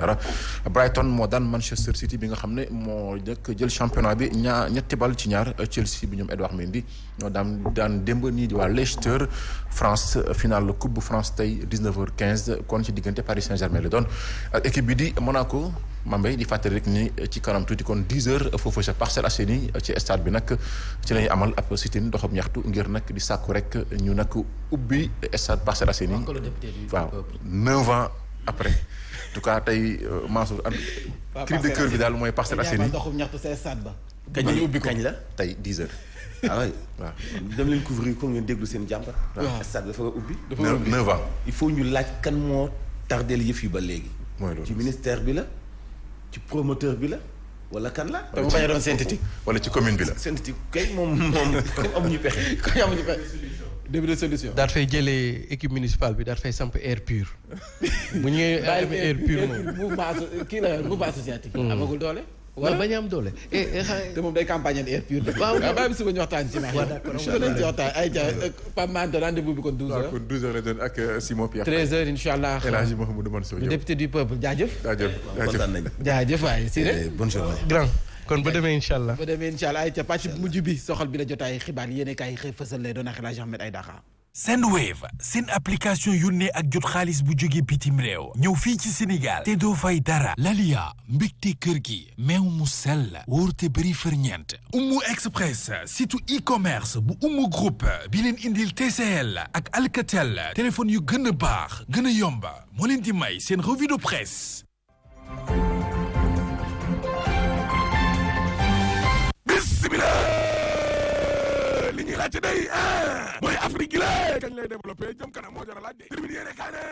dara Brighton moo daan Manchester City bi nga xam ne moo njëkk jël championnat bi ñaar ñetti bal ci ñaar Chelsea bi ñoom Edouard Mendy ñoo daan daan démb nii di waa Leicester France finale coupe bu France tey 19h15 kon ci diggante Paris Saint-Germain la doon ak équipe bi di Monaco Mambey di fàttali rek ni ci kanam tuuti kon 10h foofu sa Parcelles Assainies ci stade bi nag ci la ñuy amal ab sit-in doxam ñaxtu ngir nag di sàkku rek ñu nag ubbi stade Parcelles Assainies waaw 9 ans après. tout cas tey euh, Mansour am. cri de cœur bi daal mooy Parcelles Assainies. kañ la ubbi kañ la tey 10 heures. ah oui waaw dem leen couvrir ko ngeen déglu seen jàmbar. waaw stade dafa ubbi. dafa ubbi 9 il faut ñu laaj kan moo tardeel yëf yi ba léegi. mooy ci ministère bi la ci promoteur bi la. wala kan la. te mu bañ a doon synthétique. wala ci commune bi la. synthétique kay moom moom am ñu pexe. pexe. début de solution. fay jëlee équipe municipale bi daal fay samp air pur. bu ñu amee air pur moom mouvement kii la mouvement associatif. Hmm. amagul doole. wala bañ am doole. Eh, eh, te moom day campagne air pur. waaw ah, bàyyi suba ñu waxtaan ci maanaam. d'accord suba nañu ci waxtaan ay ja euh, Pape Mante rendez-vous bi kon 12h. waaw kon 12h la doon ak euh, Simon Pierre. 13h incha allah El député du peuple jaajëf. jaajëf jaajëf si eh, rek. grand. kon ba demee incha allah ba demee incha allah ay ca pàcc bu mujj bi soxal bi la jotaay xibaar yéen kay xëy fësal lay doon ak El Hadj Ahmed Aïdara Sendwave seen application yónnee ak jot xaalis bu jóge bitim réew ñëw fii ci Sénégal te doo fay dara Lalia mbégte kër gi meew mu sell wóor te bëri ferñeent Umu Express site e-commerce bu Umu Group bi leen indil TCL ak Alcatel téléphone yu gën a baax gën a yomba moo leen di may seen revue de laajte day eh, mooy Afrique gi la kañ lay développé jëm kanam moo jar a laaj de termine yéene kaa ne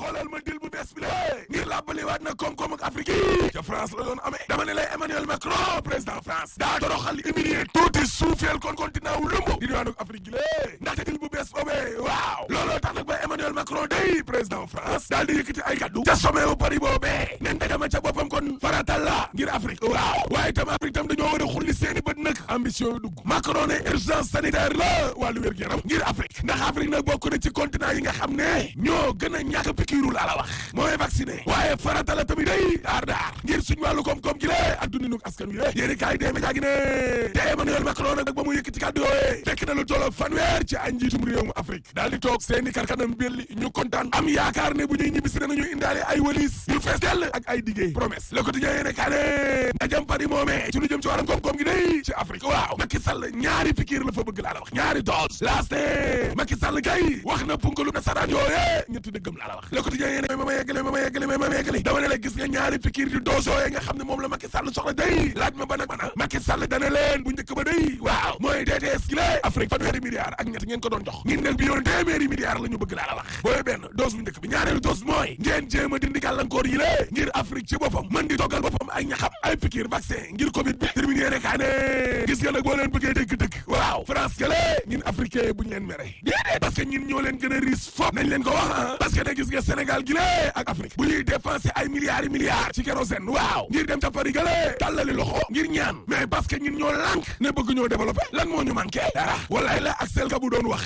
xoolal ma dil bu bees bi la ngir làbbali waat na koom-koom ak Afrique yi ca France la doon amee dama ne lay Emmanuel Macron président France daa toroxal humilier tuuti suufeel kon continent wu lëmb di diwaanu Afrique gi la ndaxte dil bu bees boobee waaw looloo tax nag ba Emmanuel Macron day président France daal di yëkkati ay kaddu ca sommet wu Paris boobee ne ndegama ca bopp kon farata la ngir Afrique waaw waaye itam Afrique tam dañoo war a xulli seeni bët nag ambition yu dugg Macron ne urgence sanitaire la wàllu wér-gu-yaram ngir Afrique ndax Afrique nag bokk na ci continent yi nga xam ne ñoo gën a ñàkk pikiiru la la wax mooy vacciné waaye farata la tamit day aar daar ngir suñu wàllu koom-koom gi lée ak dundinu askan wi lée yéeni kaay dee gi ne te Emmanuel Macron nag ba mu yëkkati kàddu yooyee fekk na lu tolloo fanweer ci ay njiitum réewum Afrique le quotidien yéene kaa ne ndajam Paris moomee ci lu jëm ci wàllum koom gi day ci Afrique waaw Macky Sall ñaari pikiir la fa bëgg laa wax ñaari doos laaste Macky Sall kay wax na punkalu nasaraan yooye eh, ñetti dëggam laa la wax le quotidien yéene ma ma yeggale ma ma yeggale gis ñaari pikiir di doos yooye nga xam ne moom la Macky Sall soxla day laaj ma ba nag mana Macky Sall dana leen bu waaw mooy DTS gi la Afrique fanweeri milliards ak ñett a dindi gàllankoor mën di toggal ay ñaxam ay piqûre vaccin ngir covid bi terminé rek ane gis nga nag boo leen bëggee dëgg waaw France gale ñun africain yi leen mere déedéet parce que ñoo leen gën a riche fop nañ leen ko wax ah, parce que ne gis nga Sénégal gi ak Afrique bu ñuy ay milliards yi milliards ci kérosène waaw ngir dem ca Paris gale tàllali loxo ngir ñaan mais parce que ñoo lànk ne bëgg ñoo développé lan moo ñu manqué dara walaay la Axel Kabou doon wax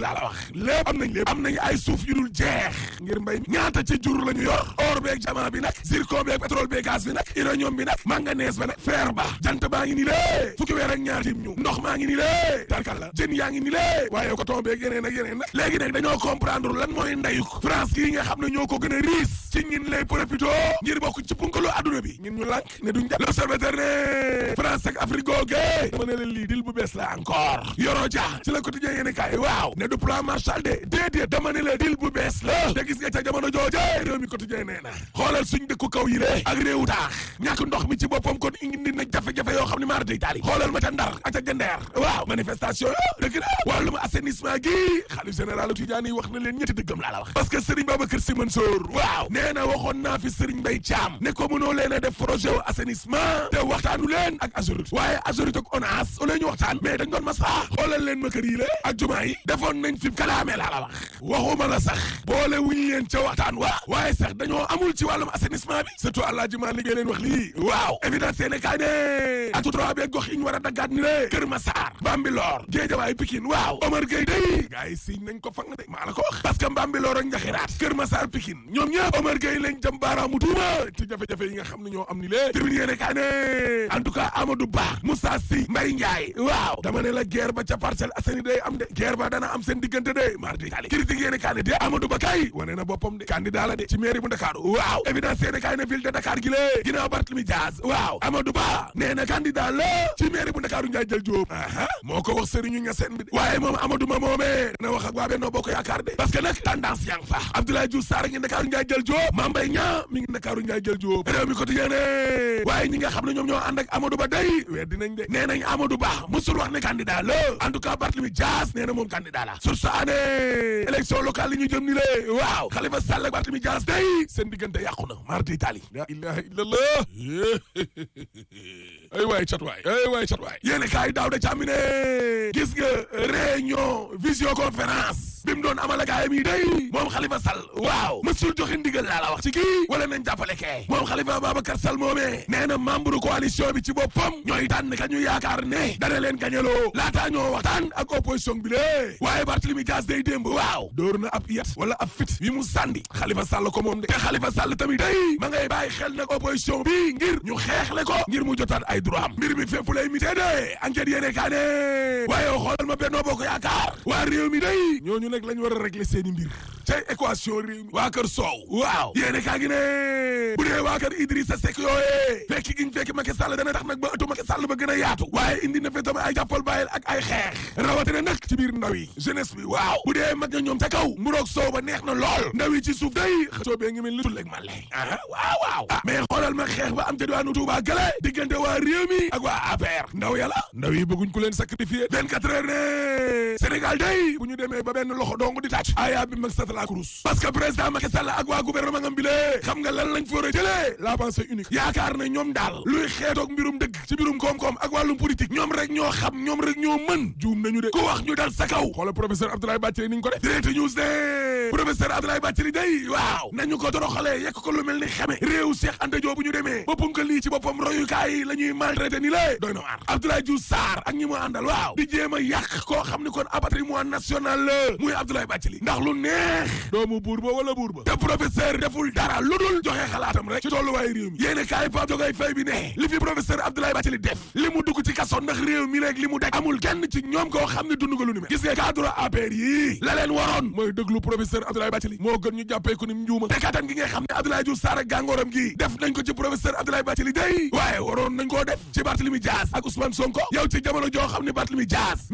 laa la wax lépp am nañ lépp am nañ ay suuf yu dul jeex ngir mbay ñaata ci jur la ñu yor or beeg jamaa bi nag zircon beeg pétrole beeg gaz bi nag uranium bi nag manganèse ba nag fer ba jant baa ngi ni lée fukki weer ñaar tim ñu ndox maa ngi ni lée tarkal la jën yaa ngi ni lée waaye coton beeg yeneen ak yeneen nag léegi nag dañoo comprendre lan mooy ndayuk France yi nga xam ne ñoo ko gën a riis ci ñin lay profito ngir bokk ci punkaloo adduna bi ñun ñu lànk ne du plan Marshall de dama la dil bu bees la da nga ca jamono jooje réew mi quotidien nee na xoolal suñ dëkku kaw yi ak réewu taax ñàkk ndox mi ci boppam kon indi na jafe-jafe yoo xam ne maara day taali xoolal ma ca ndar ak ca jandeer waaw manifestation yo dëkk la wàllum assainissement gi xaalif wax na leen ñetti dëggam laa la wax parce que Serigne Babacar Sy Mansour waaw nee waxoon naa fi Serigne Mbaye Thiam ne ko mënoo leen a def projet wu assainissement te waxtaanu leen ak AGEROUTE waaye AGEROUTE ak ONAS au lieu ñu waxtaan mais leen ma kër yi la ak jumaa yi defoon wax waxuma la sax boole wuñu leen ca waxtaan waa waaye sax dañoo amul ci wàllum assainissement bi surtout àllaaji maa liggéey leen wax lii waaw évidence yéene kaay ne atutroa bee gox yi ñu war a daggaat ni le Kër Massar Bambilor Géejawaay Pikine waaw Omar Gueye day gars siiñ nañ ko fang de maa la ko wax parce que Bambilor Kër Massar Pikine ñoom ñëpp Omar Gueye lañ jëm baaraamu tuuma ci jafe-jafe yi nga xam ne ñoo am ni le tribune yéene kaay ne en tout cas Amadou Ba Moussa Sy Mbaye Ndiaye waaw dama ne la guerre ba ca Parcelles am seen diggante de critique yéen kaay ne de Amadou Ba kay wane na boppam de candidat la de ci mairie bu Ndakaaru waaw évidence yéen kaay ne ville de Dakar gi lée ginnaaw Barthélemy waaw Amadou Ba nee la ci mairie bu Ndakaaru njaay jël Jóob aha moo ko wax ña seen bi de waaye moom Amadou Ma moomee dana wax ak waa Benno de parce que nag tendance yaa fa Abdoulaye Diouf Sarr ngi Ndakaaru njaay jël Jóob Mame Mbaye mi Ndakaaru njaay jël Jóob réew mi quotidien ne waaye élection locale yi ñu jëm ni lée waaw Khalifa Sall ak Barthélémy Dias day seen diggante yàqu na mar d' itali la ilaha illallah ay waay catwaay ay waay catwaay yéene kaay daaw da càmmine gis nga bi mu doon amal ak aayam yi day moom Khalifa Sall waaw mësul joxe ndigal laa la wax ci kii wala nañ jàppale kee moom Khalifa Babacar Sall moomee nee na membre coalition bi ci boppam ñooy tànn ka ñu yaakaar ne dana leen gañaloo laataa ñoo waxtaan ak opposition bi lee waaye Barthélemy Dias day démb waaw dóor na ab yat wala ab fit yi mu sàndi Khalifa Sall ko moom de Khalifa Sall tamit day ma ngay bàyyi xel nag opposition bi ngir ñu xeexle ko ngir mu jotaat ay droit nag la ñu war a régler tey équation réew mi waa kër soow waaw yéene kaa ngi ne bu dee waa kër Idrissa Seck yooyee fekk gi ñu dana tax nag ba ëttu Macky Sall a waaye indi na fi tamit ay jàppal bàyyil ak ay xeex rawatina nag ci biir ndaw yi jeunesse bi waaw bu dee mag na ñoom ca kaw soow ba neex na lool ndaw yi ci suuf day xëccoo bee ngi mel ni tulleeg man lay ah waaw waaw ah mais xoolal ma xeex ba am te diwaanu Touba gale diggante waa réew waa APR ndaw yàlla ndaw yi bëgguñ ku ba benn loxo dong di battre la course parce que président Macky Sall ak waa gouvernement ngam xam nga lan lañ fa war a unique yaakaar na ñoom daal luy xeetoog mbirum dëgg ci mbirum koom-koom ak wàllum politique ñoom rek ñoo xam ñoom rek ñoo mën juum nañu de ku wax ñu dal sa kaw xoola professeur Abdoulaye Bathily ni ñu ko de direct news de professeur Abdoulaye Bathily day waaw nañu ko toroxalee yekk ko lu mel ni xame réew Cheikh Anta Diop ñu demee boppum ko lii ci boppam royukaay a neex doomu buur ba wala buur ba te professeur deful dara lu joxe xalaatam rek ci tolluwaay réew mi yéene kaay Pape Diogoye bi ne li fi professeur Abdoulaye Bathily def li mu dugg ci kaso ndax réew rek li mu daj amul kenn ci ñoom koo xam ne dund ni mel gis nga gi nga xam ne Abdoulaye Diouf Sarr ak gi def nañ ko ci professeur Abdoulaye Bathily day waaye waroon nañ koo def ci Barthélemy Dias ak Ousmane Sonko yow ci jamono joo xam ne Barthélemy Dias